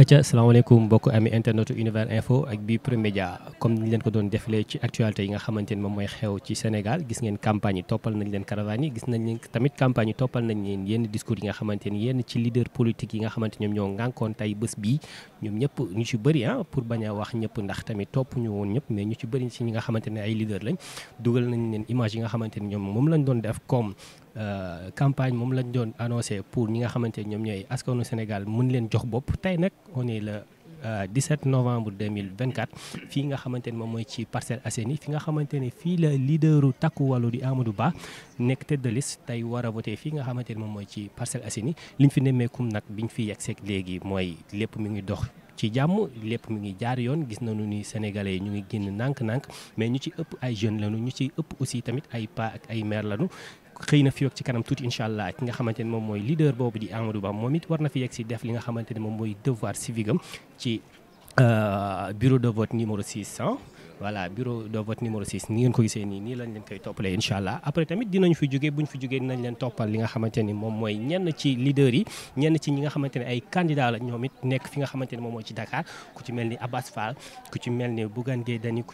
acca salaamaaleykum mbokk ami internet univers info ak bi promédia comme ni leen ko doon defalee ci actualité yi nga xamante ni moom mooy xew ci Sénégal gis ngeen campagne yi toppal nañ leen caravane yi gis nañ leen tamit campagne yi toppal nañ leen yenn discours yi nga xamante ni yenn ci leader politique yi nga xamante ñoom ñoo ngànkoon tey bés bii ñoom ñëpp ñu ci bëri ah pour bañ a wax ñëpp ndax tamit topp ñu woon ñëpp mais ñu ci bëri si ñi nga xamante ne ay leader lañ dugal nañ leen image yi nga xamante ni ñoom moom lañ doon def comme Euh, campagne moom lañ doon annoncé pour ñi nga xamante ne ñoom ñooy askanu Sénégal mën leen jox bopp tey nag on est le 17 euh, novembre 2024 fii nga xamante ne moom mooy ci parcelle Assainies fi nga xamante ne fii la leaderu takku wàllu di Amadou Ba nekk tête de tey war a voté fii nga xamante ne moom mooy ci Parcelles Assainies liñ fi nemmeekum nag biñ fi yegg seeg léegi mooy lépp mu ngi dox. ci jàmm lépp mu ngi jaar yoon gis na nañu ni sénégalais yi ñu ngi génn nànk-nànk mais ñu ci ëpp ay jeunes lañu ñu ci ëpp aussi tamit ay pa ak ay maire lañu xëy na fi ak ci kanam tuuti incha allah ki nga xamante ne moom mooy leader boobu di Amadou Ba moom it war na fi yegg si def li nga xamante ne moom mooy devoir civique am ci euh, bureau de vote numéro 600. voilà bureau de vote numéro 6 ni ngeen koy toppalee incha allah après tamit dinañ fi fi jógee dinañ leen ne ay candidat la ñoom it nekk fi nga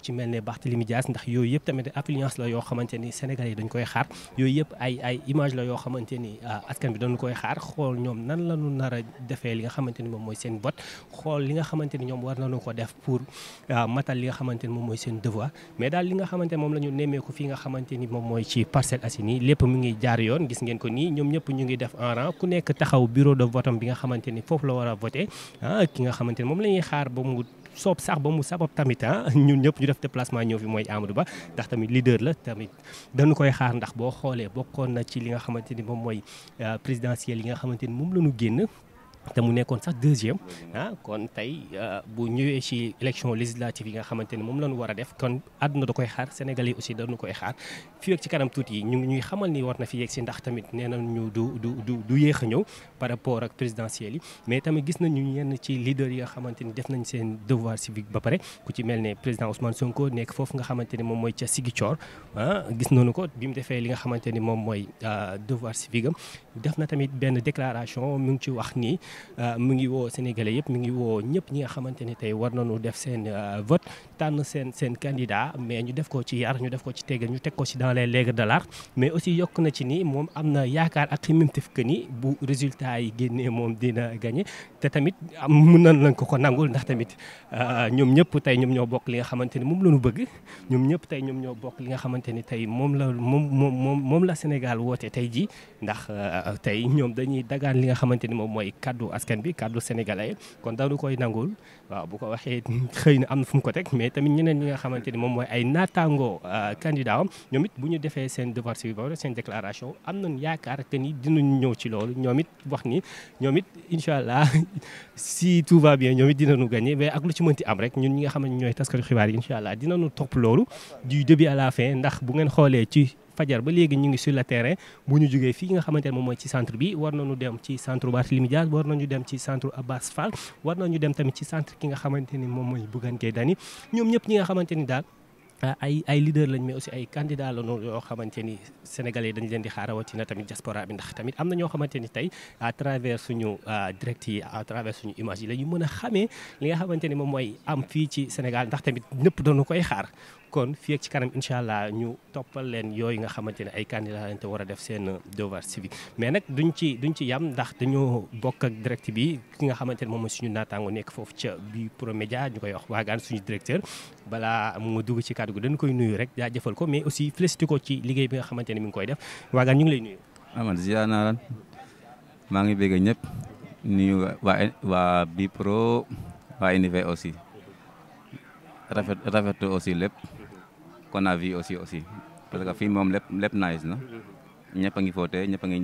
xamante yooyu yëpp tamit affluence la yoo xamante ni Sénégalais koy xaar yooyu yëpp ay ay la yoo xamante ni ah, askan bi dañ koy xaar xool ñoom nan la ñu nar a defee li nga xamante ni moom mooy seen vote xool li nga xamante ni ñoom war nañu ko def pour ah, matal li nga xamante ni moom mooy seen devoir mais daal li nga xamante moom la ñu nemmeeku fii nga xamante moom mooy ci Parcelles Assainies lépp mu ngi jaar yoon gis ngeen ko nii ñoom ñëpp ñu ngi def en ku nekk taxaw bureau de votam bi nga xamante foofu la war a voté ah ki nga xamante moom ah mooy Amadou Ba ndax tamit leader la tamit dañu koy xaar ndax boo xoolee bokkoon na ci li nga xamante moom mooy euh, présidentielle yi nga xamante moom la génn te mu nekkoon sax deuxième ah kon tey euh, bu ñëwee ci élection législative yi nga xamante ni moom la ñu war a def kon àdduna da koy xaar yi aussi dañu koy xaar fii ak ci kanam tuuti yi ñu ngi ñuy xamal ni war na fi yegg si ndax tamit nee ñu du du du du yéex a ñëw par rapport ak présidentielle yi mais tamit gis nañu ñenn ci leader yi nga xamante ni def nañ seen devoir civique ba pare ku ci mel ne président Ousmane Sonko nekk foofu nga xamante ni moom mooy ca Ziguinchor ah gis nañu ko bi mu defee li nga xamante ni moom mooy euh, devoir civique def na tamit benn déclaration mu ngi ci wax nii Euh, mu ngi woo sénégalais yëpp mi ngi woo ñëpp ñi nga xamante ni tey war nañu def seen euh, vote tànn seen seen candidat mais ñu def ko ci yar ñu def ko ci tegal ñu teg ko ci dans les règles de l'art mais aussi yokk na ci ni moom am na yaakaar ak ximimtif que ni bu résultat yi génnee moom dina gagné te tamit mun na lañ ko ko nangul ndax tamit euh, ñoom ñëpp tey ñoom ñoo bokk li nga xamante ni moom la ñu bëgg ñoom ñëpp li nga xamante ni tey moom la moom moom moom la Sénégal woote tey ji ndax tey ñoom dañuy dagaan li nga xamante ni kaddu askan bi kaddu sénégalais kon dañu koy nangul waaw bu ko waxee xëy na am na fu mu ko teg mais tamit ñeneen ñi nga xamante moom mooy ay naataangoo euh, candidat am ñoom bu ñu defee seen déclaration am nañu yaakaar que ni dinañu ci loolu ñoom it wax ni ñoom it incha allah si tout va bien ñoom it dinañu gagné mais ak lu ci mënti am rek ñun ñi nga xam ne ñooy taskatu xibaar yi incha allah dinañu topp loolu du début à la fin ndax bu ngeen xoolee ci. fajar ba léegi ñu ngi sur le terrain bu ñu jógee fii nga xamante ne moom mooy ci centre bi war nañu dem ci centre Barthélémy war nañu dem ci centre Abbas Fall war nañu dem tamit ci centre ki nga xamante ni moom mooy Bougane ñoom ñëpp ñi nga xamante ni daal Euh, ay ay leader lañ mais aussi ay candidat la noonu yoo xamante ni sénégalais dañ leen di xaar rawatina tamit diaspora bi ndax tamit am na ñoo xamante ni tey à travers suñu euh, direct yi à travers suñu image la ñu mën a xamee li nga xamante ni moom mooy am fii ci Sénégal ndax tamit ñëpp dañu koy xaar kon fii ak kanam incha allah ñu toppal leen yooyu nga xamante ne ay candidat lañ te war a def seen devoir civique mais nag duñ ci duñ ci yam ndax dañoo bokk ak direct bi ki nga xamante ne moom mooy suñu naataango nekk foofu ca bi promédia ñu koy wax waagaan suñu directeur balaa mu dugg ci kàddu gi dañ koy nuyu rek daa jëfal ko mais aussi félicité ko ci liggéey bi nga xamante ne mi ngi koy def waagaan ñu ngi lay nuyu. amal ah, ziar naa lan maa ngi bëgg ñëpp nuyu waa waa Bipro waa Unive aussi rafet rafetlu aussi lépp kon a vie aussi aussi parce que fii moom lépp lépp nice na ñëpp a ngi voté ñëpp a ngi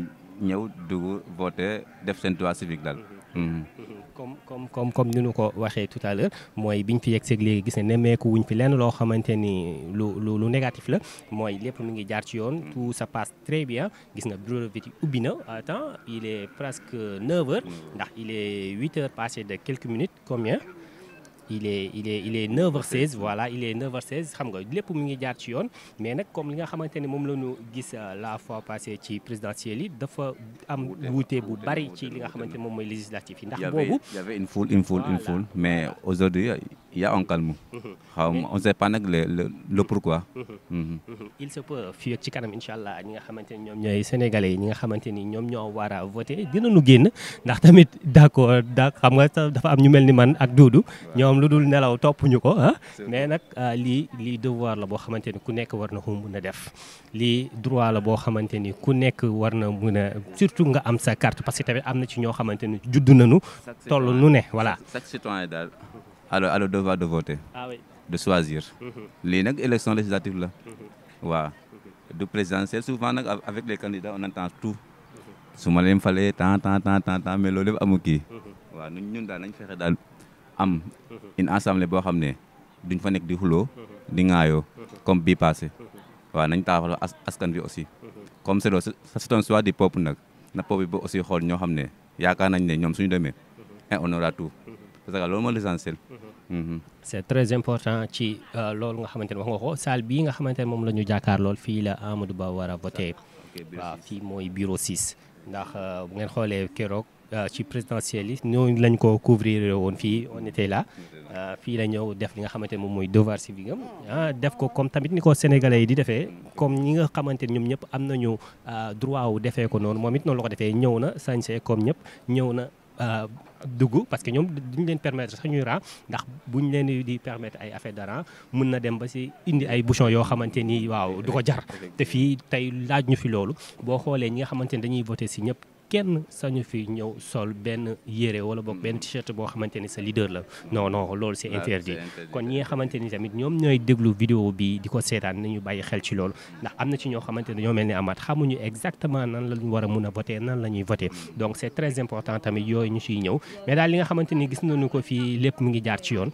ñëw dugg voté def seen droit civique daal. Hmm. comme comme comme comme ni ñu ko waxee tout à l'heure mooy biñ fi yegg seeg léegi gis ne nemmeeku wuñ fi lenn loo xamante ni lu lu lu négatif la mooy lépp mu ngi jaar ci yoon mm. tout ça passe très bien gis nga bureau bi ubbi na à temps il est presque 9 heures mm. ndax il est 8 heures passé de quelques minutes combien il est il est il est 9h16 voilà il est 9h16 xam nga lépp mu ngi jaar ci yoon mais nag comme li nga xamante ne moom la ñu gis euh, la fois passée ci présidentielle yi dafa am wuute bu bari ci li nga xamante ne moom mooy législatif yi ndax boobu il y avait une foule une mais aujourd'hui il y a xaw ma nag le le le pourquoi. il se ci kanam incha allah ñi nga xamante ni ñoom ñooy sénégalais yi ñi nga xamante ni ñoom ñoo war a voté dinañu génn ndax tamit d' accord da xam nga dafa am ñu mel ni man ak Doudou ñoom lu dul nelaw topp ñu ko ah. mais nag ah, lii lii devoir la boo xamante ni ku nekk war na ko mun a def lii droit la boo xamante ni ku nekk war na mun a surtout nga am sa carte parce que tamit am na ci ñoo xamante ni judd nañu toll nu ne voilà. chaque citoyen daal. à le à le devoir de voter. ah oui de choisir. Mhm. lii nag élection législative la. Mhm. waa mhm. du présidentiel souvent nag avec les candidats on entend tout. su ma leen falee tant tant tant tant tant mais loolu yëpp amu kii. waaw ñun ñun daal nañ fexe daal am. une assemblée boo xam ne duñ fa nekk di xuloo di ŋaayoo comme bii passé. waaw nañ taxawal askan bi aussi. comme c'est loolu c'est un choix du peuple nag na peuple bi aussi xool ñoo xam ne yaakaar nañ ne ñoom suñu demee. on aura tout. parce que loolu mooy l'essentiel. Mm-hmm. Mm-hmm. c'est très important ci euh, loolu nga xamante ne wax nga ko salle bii nga xamante ne moom la ñu jàkkaar fii la Amadou Ba war a voté waaw fii mooy bureau 6 ndax euh, bu ngeen xoolee keroog euh, ci présidentielle yi ñooñu lañ ko couvrir woon fii on était la fii la ñëw def li nga xamante ne moom mooy devoir civique am ah, def ko comme tamit ni ko sénégalais yi di defee comme ñi nga xamante ni ñoom ñëpp am nañu droit wu defee ko noonu moom it noonu la ko defee ñëw na sañse comme ñëpp ñëw na. Euh, dugg parce que ñoom duñ leen permettre sax ñuy ran ndax buñ leen di permettre ay affaire dara ran mën na dem ba si indi ay bouchon yoo xamante ni waaw du ko jar te fii tey laaj ñu fi loolu boo xoolee ñi nga xamante ni dañuy voté si ñëpp kenn sañu fi ñëw sol benn yére wala boog benn mm. t-shirt boo xamante ni sa leader la non non loolu c'est ah, interdit kon ñi nga xamante ni tamit ñoom ñooy déglu vidéo bi di ko seetaan nañu bàyyi xel ci loolu ndax am na ci ñoo xamante ne ñoo mel ni amaat xamuñu exactement nan la ñu war a mun a voter nan la ñuy voter mm. donc c'est très important tamit yooyu ñu ciy ñëw mais daal li nga xamante ni gis nañu ko fii lépp mu ngi jaar ci yoon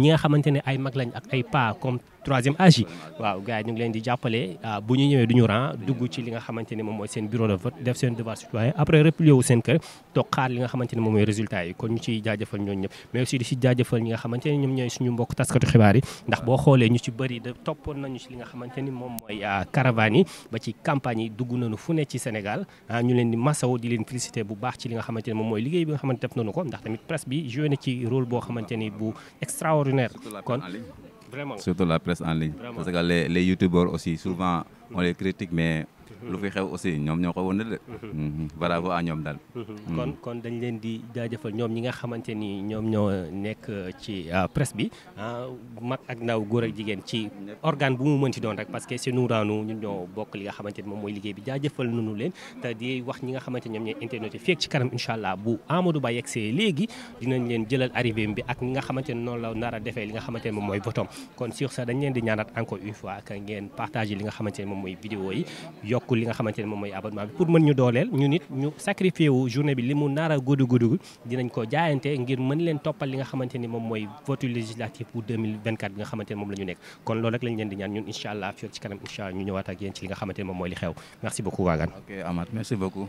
ñi nga xamante ne ay mag lañ ak ay pa comme troisième âge waaw gars yi ñu leen di jàppale ah, bu ñu ñëwee du ñu rang dugg ci li nga xamante ne moom mooy seen bureau de vote def seen devoir citoyen après replié wu seen kër toog xaar li nga xamante ne moom mooy résultat yi kon ñu ciy jaajëfal ñooñu ñëpp ne ñoom ñooy suñu mbokk taskatu xibaar yi ndax boo xoolee ñu ci bëri toppoon nañu ci li nga xamante ni moom mooy ah, caravane yi ba ci campagne yi dugg nañu fu ne ci Sénégal ah, ñu leen di masaw di leen félicité bu baax ci li nga xamante ne moom mooy liggéey bi nga xamante def nañu ko ndax tamit Vraiment. Surtout la presse en ligne. Vraiment. Parce que les, les youtubeurs aussi, souvent, on les critique, mais lu fi xew aussi ñoom ñoo ko wëndal de. Mhm. bravo à ñoom daal. Mhm. Mhm. kon kon dañ leen di jaajëfal ñoom ñi nga xamante ni ñoom ñoo nekk ci euh, presse bi euh, mag ak ndaw góor ak jigéen ci organe bu mu mënti doon rek parce que si bokk li nga xamante ni moom mooy liggéey bi jaajëfal nunu leen te di wax ñi nga xamante ñoom ñooy internet yi feeg ci kanam incha allah bu Amadou Ba yegsee léegi dinañ leen jëlal arrivé bi ak ñi nga xamante ni noonu la nar a defee li nga xamante ni moom mooy votom kon sur ça dañ leen di ñaanat encore une fois que ngeen partagé li nga xamante ni moom mooy vidéo yokk li nga xamante ne moom mooy abonnement bi pour mën ñu dooleel ñu nit ñu sacrifié wu journée bi li mu naara gudu gudu dinañ ko jaayante ngir mën leen toppal li nga xamante ni moom mooy vote législatif pour 2024 bi nga xamante moom la nekk kon loolu rek lañ leen di ñaan ñun incha allah fii ci kanam incha allah ñu ñëwaat ak ci li nga xamante moom mooy li xew